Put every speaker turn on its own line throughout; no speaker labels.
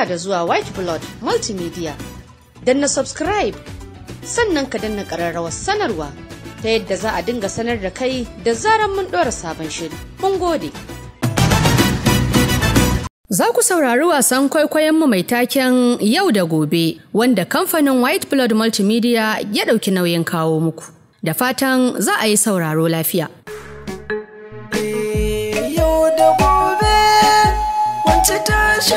barka da zuwa white blood multimedia danna subscribe sannan ka danna ƙararrawar sanarwa ta yadda za a dinga sanar da kai da zaran mun ɗora sabon shiri mun gode Za ku saurari wasan kwaikwayonmu mai taken yau da gobe wanda kamfanin White Blood Multimedia ya ɗauki nauyin kawo muku. Da fatan za a yi sauraro lafiya.
Eh, yau da gobe, shi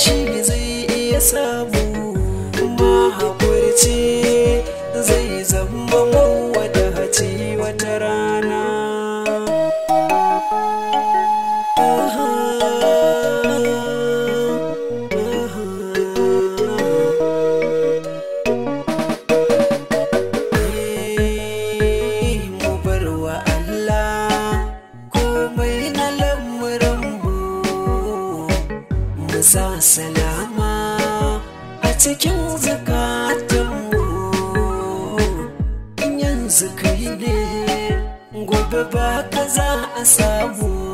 shi zai iya samu sa salama a cikin zakatanmu yanzu kai ne gobe ba ka za a samu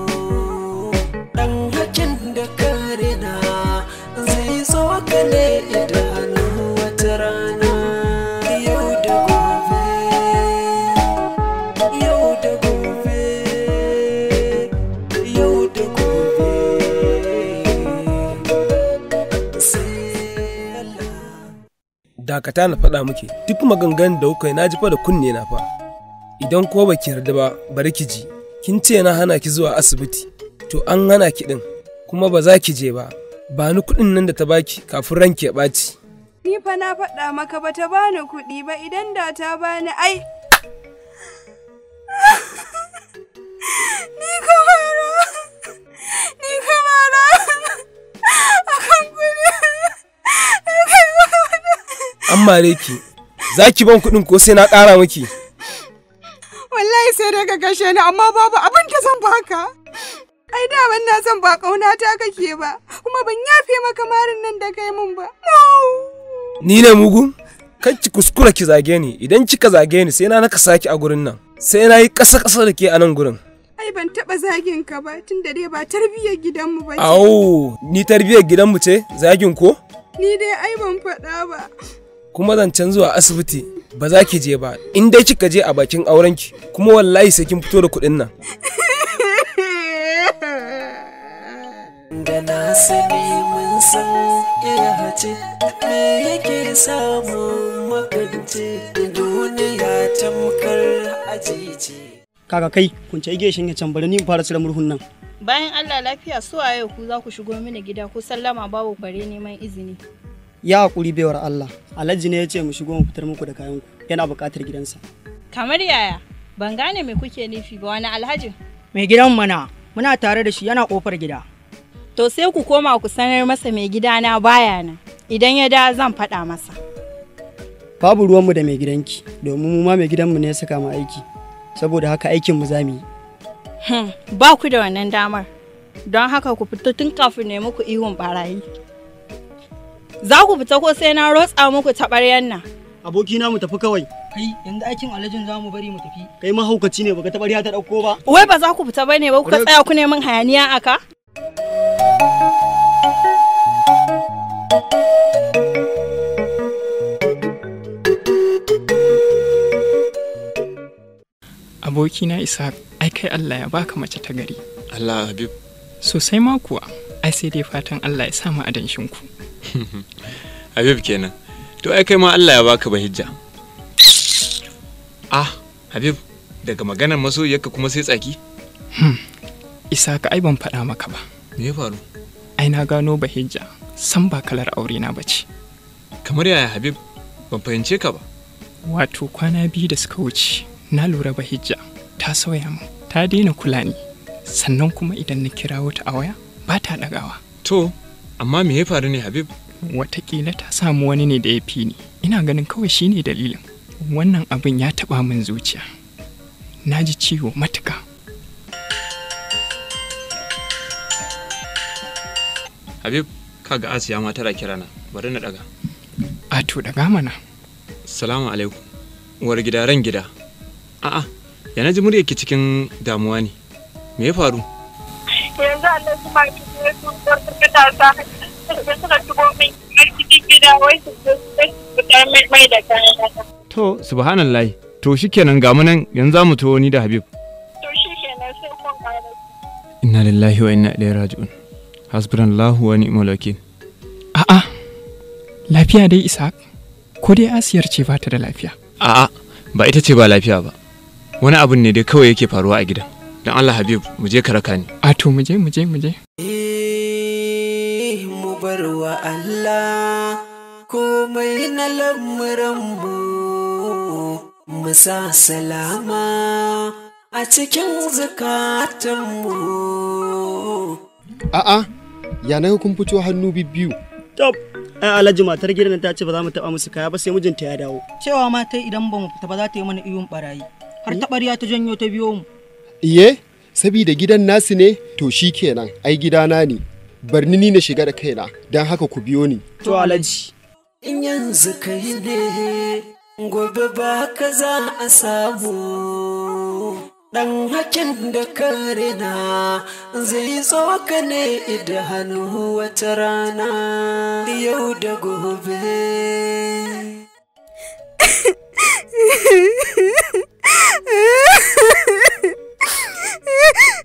dakata na faɗa muke duk maganganun da kuka yi na ji fa da kunne na fa idan ko ba ki yarda ba bari ki ji kin ce na hana ki zuwa asibiti to an hana ki din kuma ba za ki je ba ba ni kuɗin nan da ta baki kafin ranke ya ɓaci.
Ni fa
na faɗa maka ba ta bani kuɗi ba idan da ta bani ai. Ni kamara! Ni
kamara!
an mare ki za ban kuɗin ko sai na ƙara miki
wallahi sai daga ka kashe ni amma babu abin da zan baka ai da na zan ba kauna ta kake ba kuma ban yafe maka marin nan da kai mun ba
ni ne mugun? kan ki kuskura ki zage ni idan kika zage ni sai na naka saki a gurin nan sai na yi ƙasa ƙasa da ke a nan gurin
ai ban taba zagin ka ba tunda dai ba tarbiyyar gidanmu ba
ni tarbiyyar gidanmu ce zagin ko
ni dai ai ban faɗa ba
kuma zancen zuwa asibiti ba za ki je ba in dai kika je a bakin aurenki kuma wallahi sai kin fito da kuɗin nan
da na sani mun san iya hace me yake samun makance duniya tamkar ajiye
kaga kai kun ce igeshin ya can bari ni fara cire murhun nan
bayan Allah lafiya su waye ku za ku shigo mini gida ku sallama babu bare neman izini
ya haƙuri baiwar Allah alhaji ne ya ce mu shigo mu fitar muku da kayanku yana buƙatar gidansa
kamar yaya ban gane me kuke nufi ba wani alhaji
mai gidan mana muna tare da shi yana ƙofar gida
to sai ku koma ku sanar masa mai gida na baya na idan ya da zan faɗa masa
babu ruwanmu da mai gidanki domin mu ma mai gidanmu ne ya saka mu aiki saboda haka aikin mu za mu yi
hmm, ba ku da wannan damar don haka ku fita tun kafin ne muku ihun barayi Za ku fita ko sai na rotsa muku taɓaryan nan. Aboki na mu tafi kawai. Kai yanzu aikin alajin za mu bari mu tafi. Kai mahaukaci
ne baka taɓarya ta ɗauko ba.
Wai ba za ku fita ba ne ba kuka tsaya ku neman hayaniya aka?
Abokina Isa, ai kai Allah ya baka mace ta gari.
Allah Habib.
Sosai ma kuwa, ai sai dai fatan Allah ya sa mu adanshin ku.
habib kenan to ai kai ma allah ya baka bahijja ah habib daga maganar masoyiyarka kuma sai tsaki
hmm. isa ka ai ban faɗa maka ba me ya faru ai na gano bahijja san ba kalar aure na bace
kamar yaya habib ban fahimce ka ba
wato kwana biyu da suka wuce na lura bahijja ta sauya mu ta daina kula ni sannan kuma idan na kira wata a waya ba ta ɗagawa to amma me ya faru ne habib watakila ta samu wani ne da ya fi ni ina ganin kawai shi ne dalilin wannan abin ya taɓa min zuciya na ji ciwo matuka
habib kaga asiya ma tara kirana bari na daga
a to daga mana
salamu alaikum Wari gida ran gida a'a yana ji muryarki cikin damuwa ne me ya faru
to yanzu Allah
su ne su da mai da
kayan to shi to shikenan ga mu nan yanzu za mu to ni da Habib to kenan sai kun ƙara inna lillahi wa inna ilaihi raji'un hasbunallahu wa ni'mal wakil
a'a lafiya dai isa, ko dai Asiyar ce ba ta da lafiya
a'a ba ita ce ba lafiya ba wani abun ne dai kawai yake faruwa a gidan dan Allah Habib mu je ka raka ni
a to mu je mu je mu je eh mu bar
wa Allah komai na lamuran mu sa salama
a cikin zukatanmu a'a ya na hukun fito hannu biyu tab ai alhaji matar gidan ta ce ba za mu taba musu kaya ba sai mijinta ya dawo cewa ma mata idan ba mu fita ba za ta yi mana iyun barayi har hmm? tabariya ta janyo ta biyo mu iye sabida gidan nasu ne to shi kenan ai gidana ne bar ni na shiga da kaina don haka ku biyo ni to alaji
in yanzu kai ne gobe ba ka za a samu Ɗan hakin da karina zai tsoka ne hannu wata rana yau da gobe.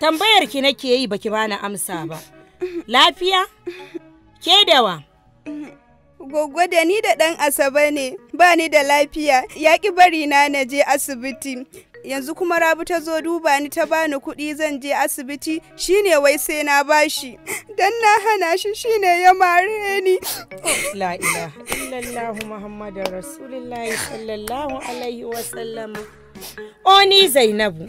Tambayar ki nake yi baki bani amsa ba. Lafiya? Ke dawa?
Goggo da ni da ɗan Asabe ne, ba ni da lafiya, ya ki bari na na je asibiti. Yanzu kuma Rabu ta zo duba ni ta bani kuɗi zan je asibiti shine wai sai na bashi. Dan na hana shi shine ya mare ni. La ilaha
illallah Muhammadar Rasulullahi sallallahu alaihi wasallam Oni Zainabu.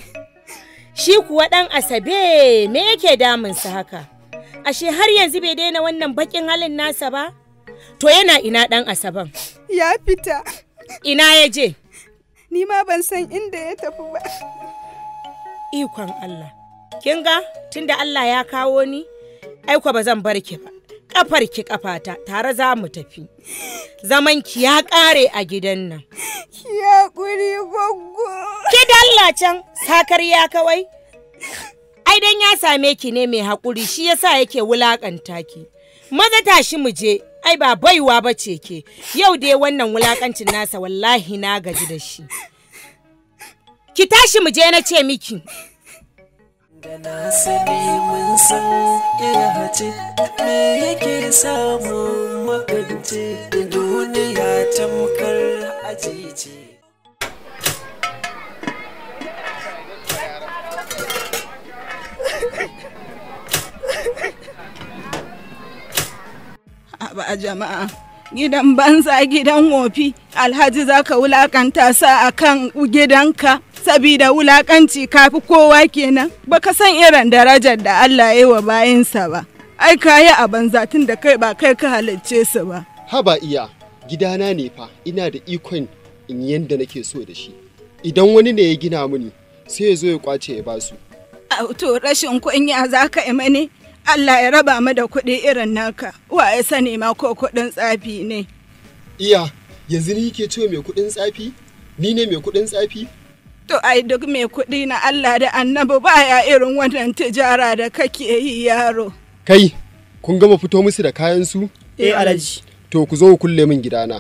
Shi kuwa ɗan Asabe me yake damunsa haka? Ashe har yanzu bai daina wannan bakin halin nasa ba? To yana ina ɗan Asaban? Ya fita. Ina ya je? Ni ma ban san inda ya tafi ba. Ikon Allah. Kin ga tunda Allah ya kawo ni, aiko ba zan bar ki ba. kafar ki kafata tare za mu tafi zaman ki ya kare a gidan nan
ki kuri, gogo ki
dalla can sakar ya kawai ai dan ya same ki ne mai hakuri shi yasa yake wulakanta ki maza tashi mu je ai ba baiwa ba ce ke yau dai wannan wulakancin nasa wallahi na gaji da shi ki tashi mu je na ce miki da na sani san iya hace me
yake samu magance duniya tamkar ajiye
a jama'a gidan banza gidan wofi alhaji zaka wulakanta sa a kan gidanka sabida wulakanci kafi kowa kenan baka san irin darajar da Allah ya wa bayansa ba ai ka yi a banza tun
da kai ba kai ka halicce su ba haba iya gidana ne fa ina da ikon in yanda nake so da shi idan wani ne ya gina mini sai ya zo ya kwace ya basu
to rashin kunya za ka yi mani Allah ya raba mu da kuɗi irin naka, wa ya sani ma ko kuɗin tsafi ne. Iya,
yanzu ni ke cewa mai kuɗin
tsafi? Ni ne mai kuɗin tsafi? To ai duk mai kuɗi na Allah da annabi baya irin wannan tijara da kake yi yaro.
Kai, kun gama fito musu da kayan su? Eh alaji. To ku zo ku kulle min gidana.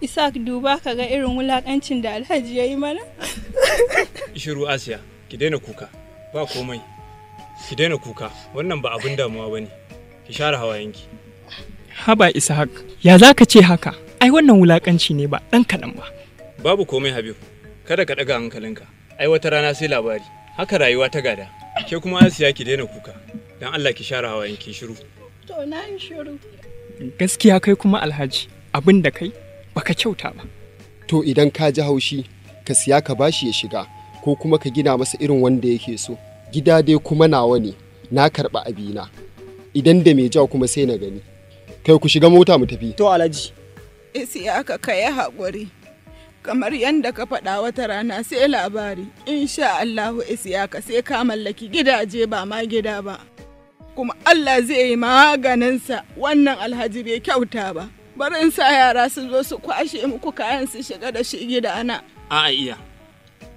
Isak duba ka ga irin wulakancin da Alhaji ya yi mana?
Shiru Asiya, ki daina kuka,
ba komai. ki daina kuka wannan ba abin damuwa bane ki share hawayenki
haba ishaq ya za ka ce haka ai wannan wulakanci ne ba ɗan kaɗan ba
babu komai habib kada ka ɗaga hankalinka ai wata rana sai labari haka rayuwa ta gada ke kuma asiya ki daina kuka don allah ki share hawayenki shiru
to na yi shiru
gaskiya kai kuma alhaji abin da kai baka kyauta ba to idan ka ji haushi ka siya ka bashi ya shiga ko kuma ka gina masa irin wanda yake so gida dai kuma nawa ne na karɓi abina idan da mai ja kuma sai na gani kai ku shiga mota mu tafi to alhaji
isi eh, aka kai haƙuri kamar yadda ka faɗa wata rana sai labari insha Allahu eh, isiyaka sai ka mallaki gidaje ba ma gida ba kuma Allah zai yi maganinsa wannan alhaji bai kyauta ba barin sa yara su zo su kwashe muku kayan su shiga da shi gidana
a'a iya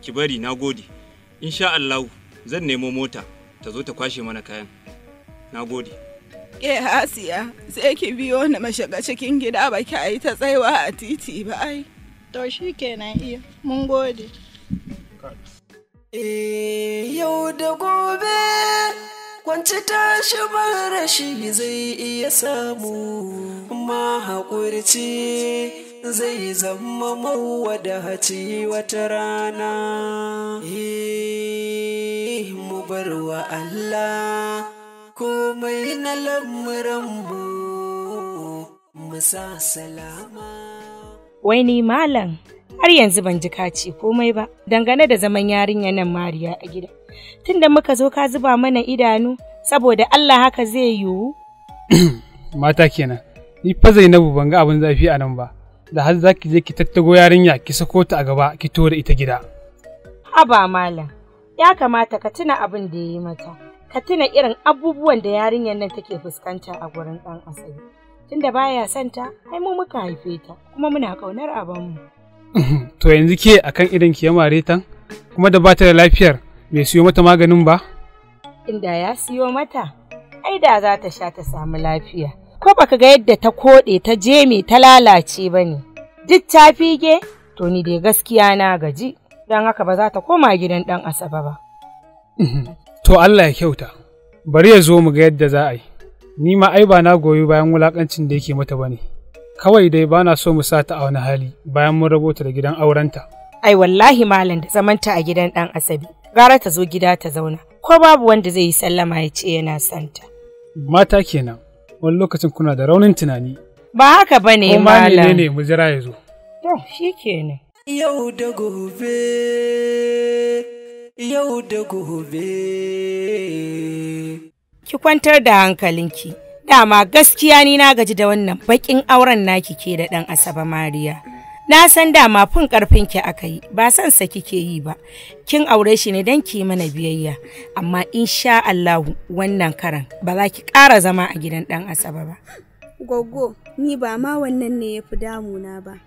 ki bari na gode insha Allahu zan nemo mota ta zo ta kwashe mana kayan na gode
ke hasiya sai ki biyo ni mashiga cikin gida ba ki ayi ta tsaiwa a titi ba ai to shi
kenan iya mun gode eh, yau da gobe kwanci tashi mara shi zai iya
samu ma haƙurci zai zama haci wata rana eh, mu bar wa Allah komai na lamuranmu musa salama
wai ni malam har yanzu ban ji kaci komai ba dangane da zaman yarinya nan mariya a gida tunda muka zo ka zuba mana idanu saboda allah haka zai yiwu
mata kenan ni fa zainabu ban ga abin zafi a nan ba da har za ki je ki tattago yarinya ki sako ta a gaba ki tura ita gida.
Haba malam, ya kamata ka tuna abin da ya yi mata, ka tuna irin abubuwan da yarinyar nan take fuskanta a gurin ɗan asali. Tunda baya son ta, ai mu muka haife ta, kuma muna ƙaunar mu."
to yanzu ke akan idan ki yamare ta, kuma da ba ta da lafiyar, bai siyo mata maganin ba?
Inda ya siyo mata, ai da za ta sha ta samu lafiya. ko baka ga yadda ta koɗe ta je jeme ta lalace ba ne duk ta fige to ni dai gaskiya na gaji don haka ba za ta koma gidan ɗan asabe ba
to Allah ya kyauta bari ya zo mu ga yadda za a yi ni ma ai ba na goyi bayan wulakancin da yake mata bane kawai dai ba na so mu sa ta a wani hali bayan mun rabota da gidan aurenta
ai wallahi malam da zamanta a gidan ɗan asabe. gara ta zo gida ta zauna ko babu wanda zai yi sallama ya ce yana santa
mata kenan wani lokacin kuna da raunin tunani
ba haka ba ne malam kuma ne
mu jira ya zo
to shikenan yau da gobe yau da gobe ki kwantar da hankalinki dama gaskiya ni na gaji da wannan Baƙin auren naki ke da ɗan asaba mariya Na san dama fin ki aka yi, ba san sa kike yi ba. Kin aure shi ne don ki mana biyayya, amma insha Allahu wannan karan ba za ki ƙara zama a gidan ɗan Asaba ba.
Goggo, ni ba ma wannan ne ya fi damuna ba.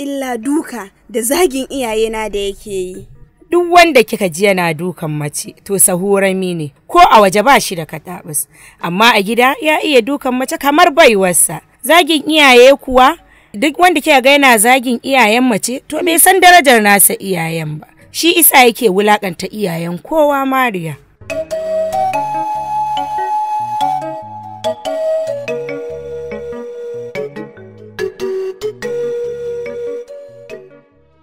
Illa duka da zagin iyaye na da yake yi.
Duk wanda kika ji yana dukan mace, to sahurami ne, ko a waje ba shi da katabus, amma a gida ya iya dukan mace kamar baiwarsa. Zagin iyaye kuwa duk wanda ke ga yana zagin iyayen mace to bai san darajar nasa iyayen ba shi isa yake wulakanta iyayen kowa mariya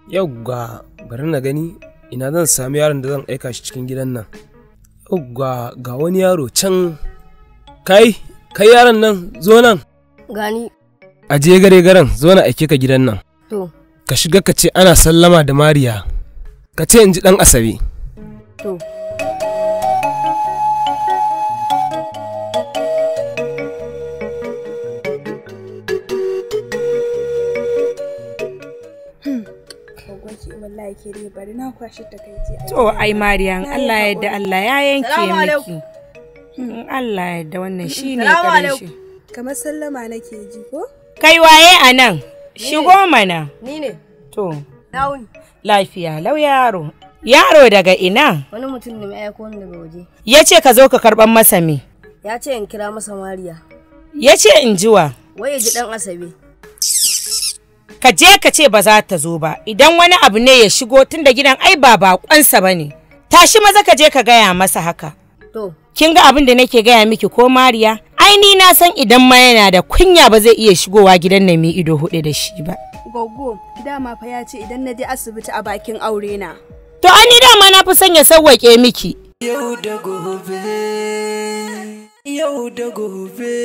yauwa bari na gani ina zan sami yaron da zan aika shi cikin gidan nan yauwa ga wani yaro can kai kai yaron nan zo nan gani aje gare garen zo na aike ka gidan nan to ka shiga ka ce ana sallama da mariya ka ce in ji dan asabe to
To ai Mariyan Allah ya yadda Allah
ya yanke miki. Allah ya yadda wannan hmm, shine ne
Kamar sallama
nake ji ko?
Kai waye a nan? Shigo mana. Ni ne. To. Launi. Lafiya lau yaro. Yaro daga ina?
Wani mutum ne mai aiko daga waje.
Ya ce ka zo ka karɓan masa me?
Ya ce in kira masa Mariya. Ya ce in jiwa. Waye ji ɗan asabe.
Ka je ka ce ba za ta zo ba, idan wani abu ne ya shigo tun da gidan ai ba baƙonsa ba ne. Tashi maza ka je ka gaya masa haka. To, kin ga abin da nake gaya miki ko mariya ai ni na san idan ma yana da kunya ba zai iya shigowa gidan na mi ido hudu da shi ba
goggo dama fa ya ce idan
na je asibiti a bakin aure na
to an ni dama na fi son ya sawwake miki
yau da gobe yau da gobe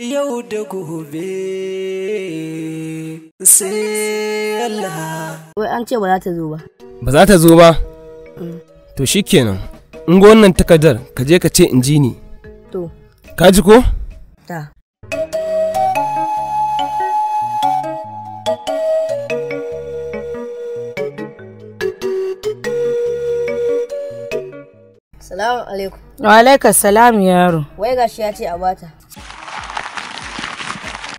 yau da gobe sai Allah wai an ce ba za ta zo ba
ba za ta zo ba mm. to shikenan in ga wannan takardar ka je ka ce in ji ni to ka ji ko
ta
Salamu alaikum.
Wa alaikum salam yaro.
Wai gashi ya ce a bata.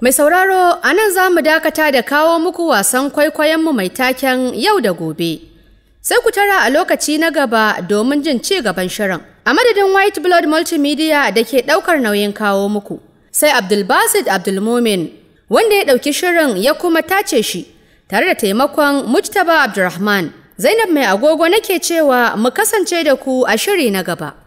Mai sauraro a nan za mu
dakata da kawo muku wasan kwaikwayonmu mai taken yau da gobe. Sai ku tara a lokaci na gaba domin jin ci gaban shirin. A madadin White Blood Multimedia da ke ɗaukar nauyin kawo muku, sai Abdulbasid Abdulmumin wanda ya ɗauki shirin ya kuma tace shi tare da taimakon Mujtaba Abdulrahman. Zainab mai agogo nake cewa mu kasance da ku a shiri na gaba.